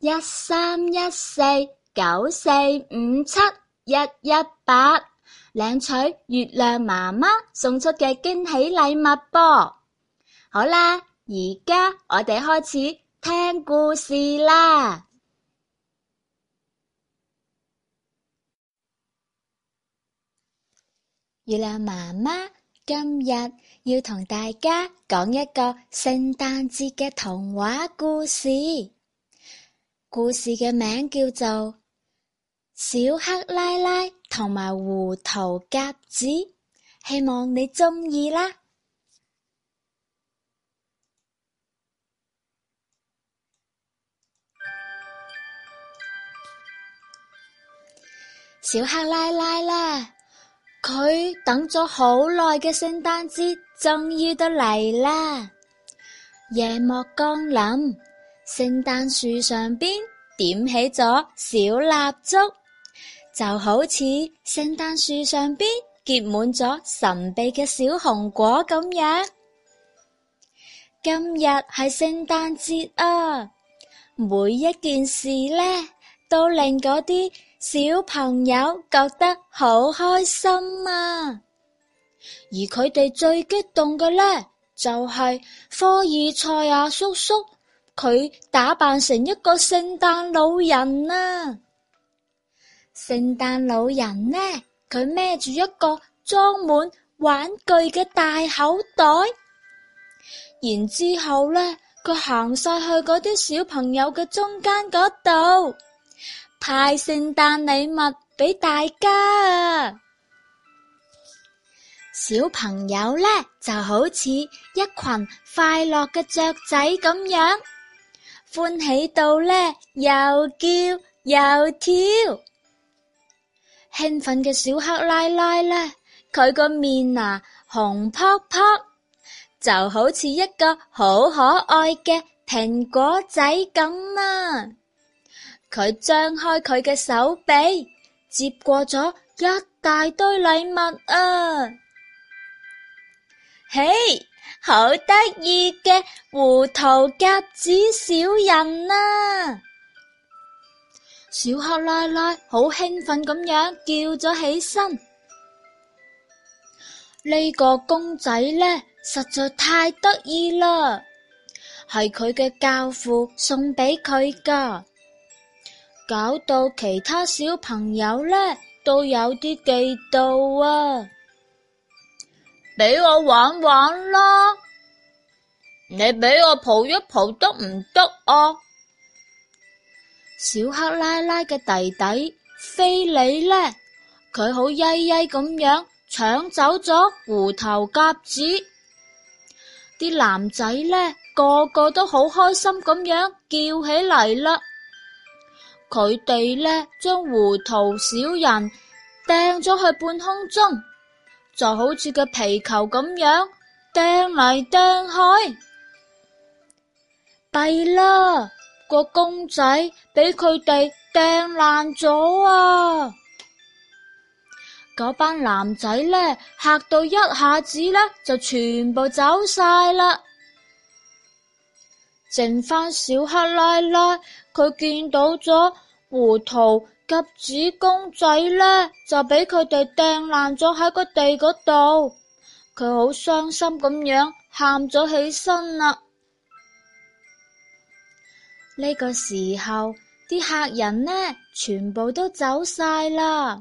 一三一四九四五七一一八，領取月亮媽媽送出嘅驚喜禮物啵。好啦，而家我哋開始聽故事啦。月亮媽媽，今日要同大家講一個聖誕節嘅童話故事。故事嘅名叫做《小克拉拉》同埋胡桃夾子，希望你中意啦。 小克拉拉啦，佢等咗好耐嘅聖誕節終於都嚟啦，夜幕降臨。聖誕樹上邊點起咗小蠟燭，就好似聖誕樹上邊結滿咗神秘嘅小紅果咁樣。今日係聖誕節啊！每一件事呢都令嗰啲小朋友覺得好開心啊！而佢哋最激動嘅呢，就係科爾賽亞叔叔。佢打扮成一個聖誕老人啊！聖誕老人呢，佢孭住一個裝滿玩具嘅大口袋，然之後呢，佢行晒去嗰啲小朋友嘅中間嗰度，派聖誕禮物俾大家啊！小朋友呢，就好似一群快樂嘅雀仔咁樣。歡喜到呢，又叫又跳，興奮嘅小克拉拉呢，佢個面啊紅撲撲，就好似一個好可愛嘅蘋果仔咁啊！佢張開佢嘅手臂，接過咗一大堆禮物啊！嘿、hey！好得意嘅胡桃夾子小人啊！小克拉拉好興奮咁樣叫咗起身。呢個公仔呢，實在太得意啦，係佢嘅教父送俾佢噶，搞到其他小朋友呢，都有啲嫉妒啊！俾我玩玩啦！你俾我抱一抱得唔得哦？可可，小克拉拉嘅弟弟菲里呢，佢好曳曳咁樣搶走咗胡桃夾子。啲男仔呢，個個都好開心咁樣叫起嚟啦。佢哋呢，將胡桃小人掟咗去半空中。就好似個皮球咁樣掟嚟掟去，弊啦，個公仔俾佢哋掟爛咗啊！嗰班男仔呢，嚇到一下子呢，就全部走晒啦，剩翻小克拉拉，佢見到咗胡桃。夾子公仔呢就俾佢哋掟爛咗喺個地嗰度，佢好傷心咁樣喊咗起身啦。呢個時候，啲客人呢全部都走晒啦，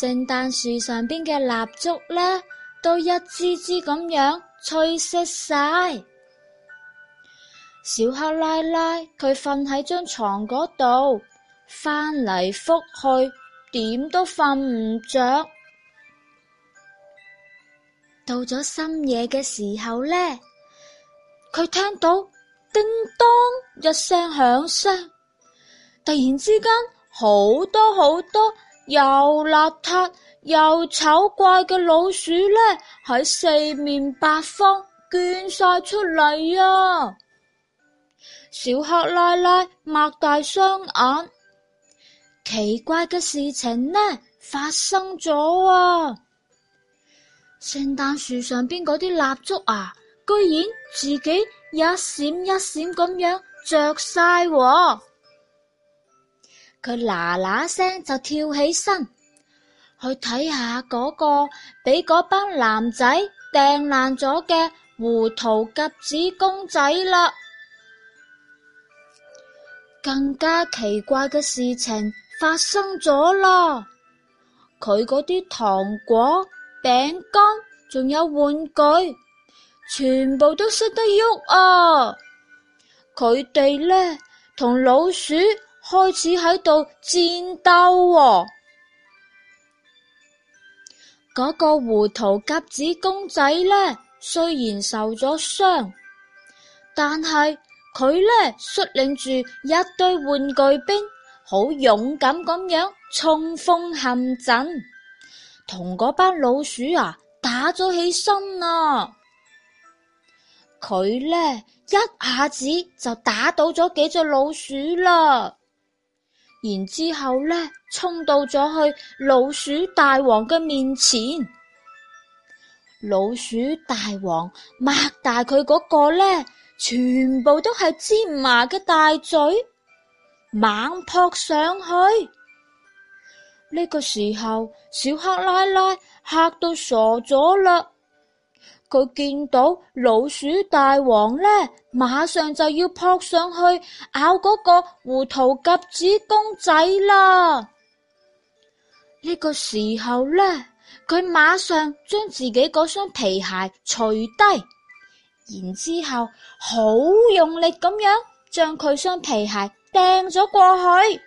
聖誕樹上邊嘅蠟燭呢都一支支咁樣吹熄晒。小克拉拉佢瞓喺張床嗰度。翻嚟覆去，點都瞓唔着。到咗深夜嘅時候呢，佢聽到叮當一聲響聲，突然之間好多好多又邋遢又醜怪嘅老鼠呢，喺四面八方捐晒出嚟啊！小黑奶奶擘大雙眼。奇怪嘅事情呢發生咗啊！聖誕樹上邊嗰啲蠟燭啊，居然自己一閃一閃咁樣着晒。佢嗱嗱聲就跳起身去睇下嗰個俾嗰班男仔掟爛咗嘅胡桃夾子公仔啦。更加奇怪嘅事情發生咗啦！佢嗰啲糖果、餅乾仲有玩具，全部都識得喐啊！佢哋呢，同老鼠開始喺度戰鬥啊！嗰、嗰個胡桃夾子公仔呢，雖然受咗傷，但係佢呢，率領住一堆玩具兵。好勇敢咁樣衝鋒陷陣，同嗰班老鼠啊打咗起身啊！佢呢一,一下子就打倒咗幾隻老鼠啦，然之後呢衝到咗去老鼠大王嘅面前，老鼠大王擘大佢嗰個呢，全部都係芝麻嘅大嘴。猛撲上去！呢個時候，小克拉拉嚇到傻咗啦。佢見到老鼠大王呢，馬上就要撲上去咬嗰個胡桃夾子公仔啦。呢個時候呢，佢馬上將自己嗰雙皮鞋除低，然之後好用力咁樣。將佢雙皮鞋掟咗過去，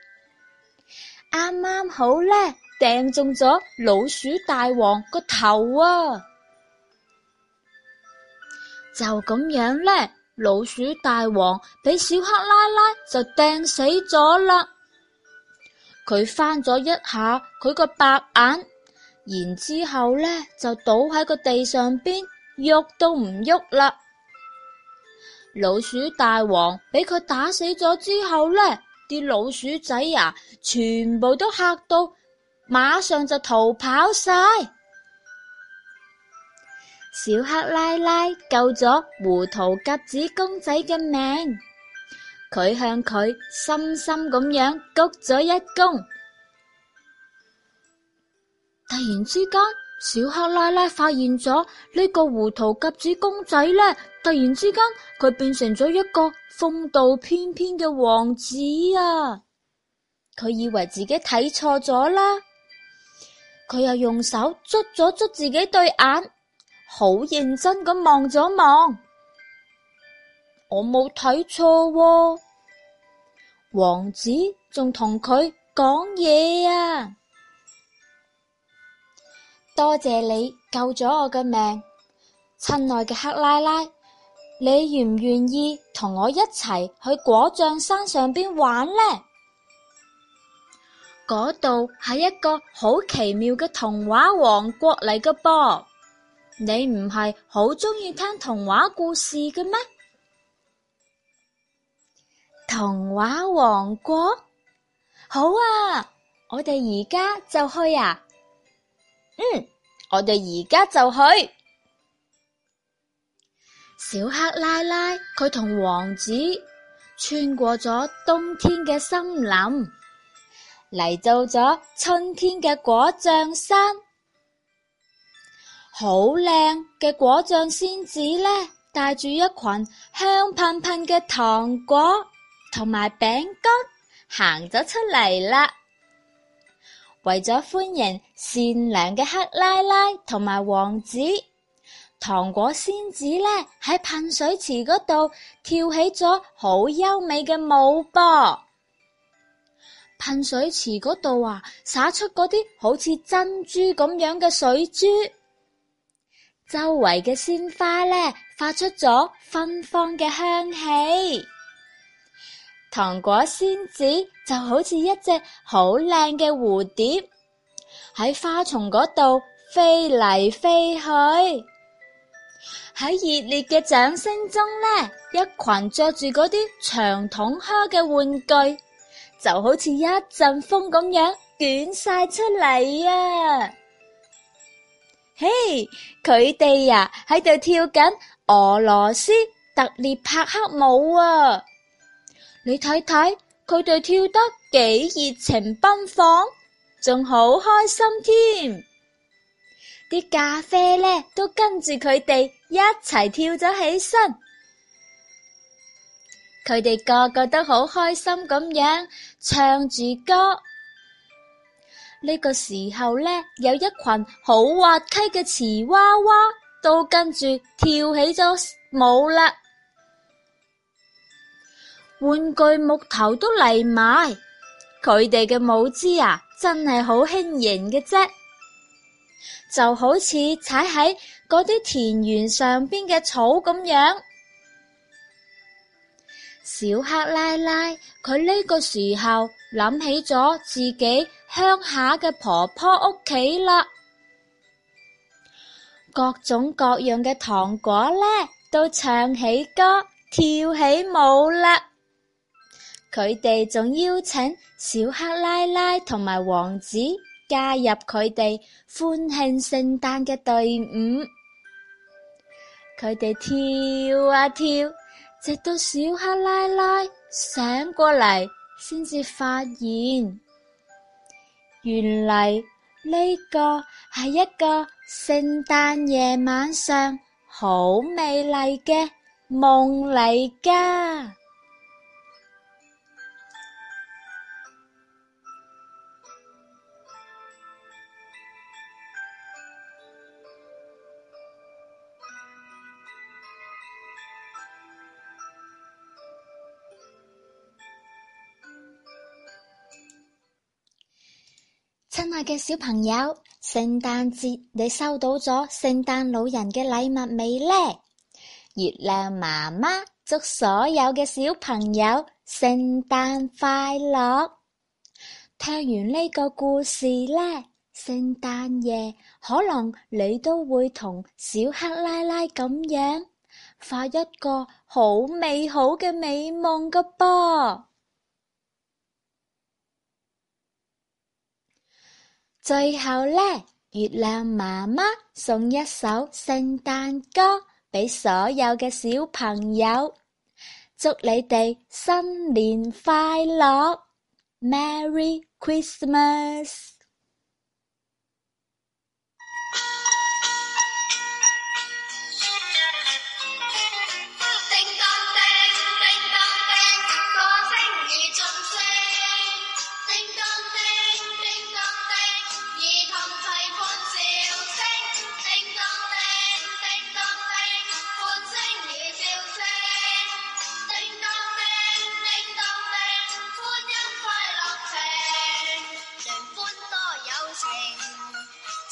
啱啱好呢，掟中咗老鼠大王個頭啊！就咁樣呢，老鼠大王俾小克拉拉就掟死咗啦。佢翻咗一下佢個白眼，然之後咧就倒喺個地上邊，喐都唔喐啦。老鼠大王俾佢打死咗之後咧，啲老鼠仔啊，全部都嚇到，馬上就逃跑晒。小克拉拉救咗胡桃夾子公仔嘅命，佢向佢深深咁樣鞠咗一躬，突然之間。小克拉拉發現咗呢個胡桃夾子公仔咧，突然之間佢變成咗一個風度翩翩嘅王子啊！佢以為自己睇錯咗啦，佢又用手捉咗捉自己對眼，好認真咁望咗望，我冇睇錯喎，王子仲同佢講嘢啊！多謝你救咗我嘅命，親愛嘅克拉拉，你願唔願意同我一齊去果醬山上邊玩呢？嗰度係一個好奇妙嘅童話王國嚟嘅啵，你唔係好鍾意聽童話故事嘅咩？童話王國，好啊！我哋而家就去啊！嗯，我哋而家就去。小克拉拉佢同王子穿過咗冬天嘅森林，嚟到咗春天嘅果醬山，好靚嘅果醬仙子呢，帶住一群香噴噴嘅糖果同埋餅乾行咗出嚟啦。為咗歡迎善良嘅克拉拉同埋王子，糖果仙子咧喺噴水池嗰度跳起咗好優美嘅舞噃。噴水池嗰度啊，灑出嗰啲好似珍珠咁樣嘅水珠，周圍嘅鮮花咧發出咗芬芳嘅香氣。糖果仙子就好似一隻好靚嘅蝴蝶，喺花叢嗰度飛嚟飛去。喺熱烈嘅掌聲中呢，一群着住嗰啲長筒靴嘅玩具，就好似一陣風咁樣捲晒出嚟啊！嘿，佢哋呀喺度跳緊俄羅斯特列帕克舞啊！你睇睇，佢哋跳得幾熱情奔放，仲好開心添。啲咖啡呢都跟住佢哋一齊跳咗起身，佢哋個個都好開心咁樣唱住歌。呢個時候呢，有一群好滑稽嘅瓷娃娃都跟住跳起咗舞啦。玩具木頭都嚟埋，佢哋嘅舞姿啊，真係好輕盈嘅啫，就好似踩喺嗰啲田園上邊嘅草咁樣。小克拉拉，佢呢個時候諗起咗自己鄉下嘅婆婆屋企啦。各種各樣嘅糖果咧，都唱起歌，跳起舞啦。佢哋仲邀請小克拉拉同埋王子加入佢哋歡慶聖誕嘅隊伍。佢哋跳啊跳，直到小克拉拉醒過嚟，先至發現，原來呢個係一個聖誕夜晚上好美麗嘅夢嚟㗎。親愛嘅小朋友，聖誕節你收到咗聖誕老人嘅禮物未呢？月亮媽媽祝所有嘅小朋友聖誕快樂。聽完呢個故事呢，聖誕夜可能你都會同小克拉拉咁樣，發一個好美好嘅美夢㗎噃。最後呢，月亮媽媽送一首聖誕歌俾所有嘅小朋友，祝你哋新年快樂，Merry Christmas！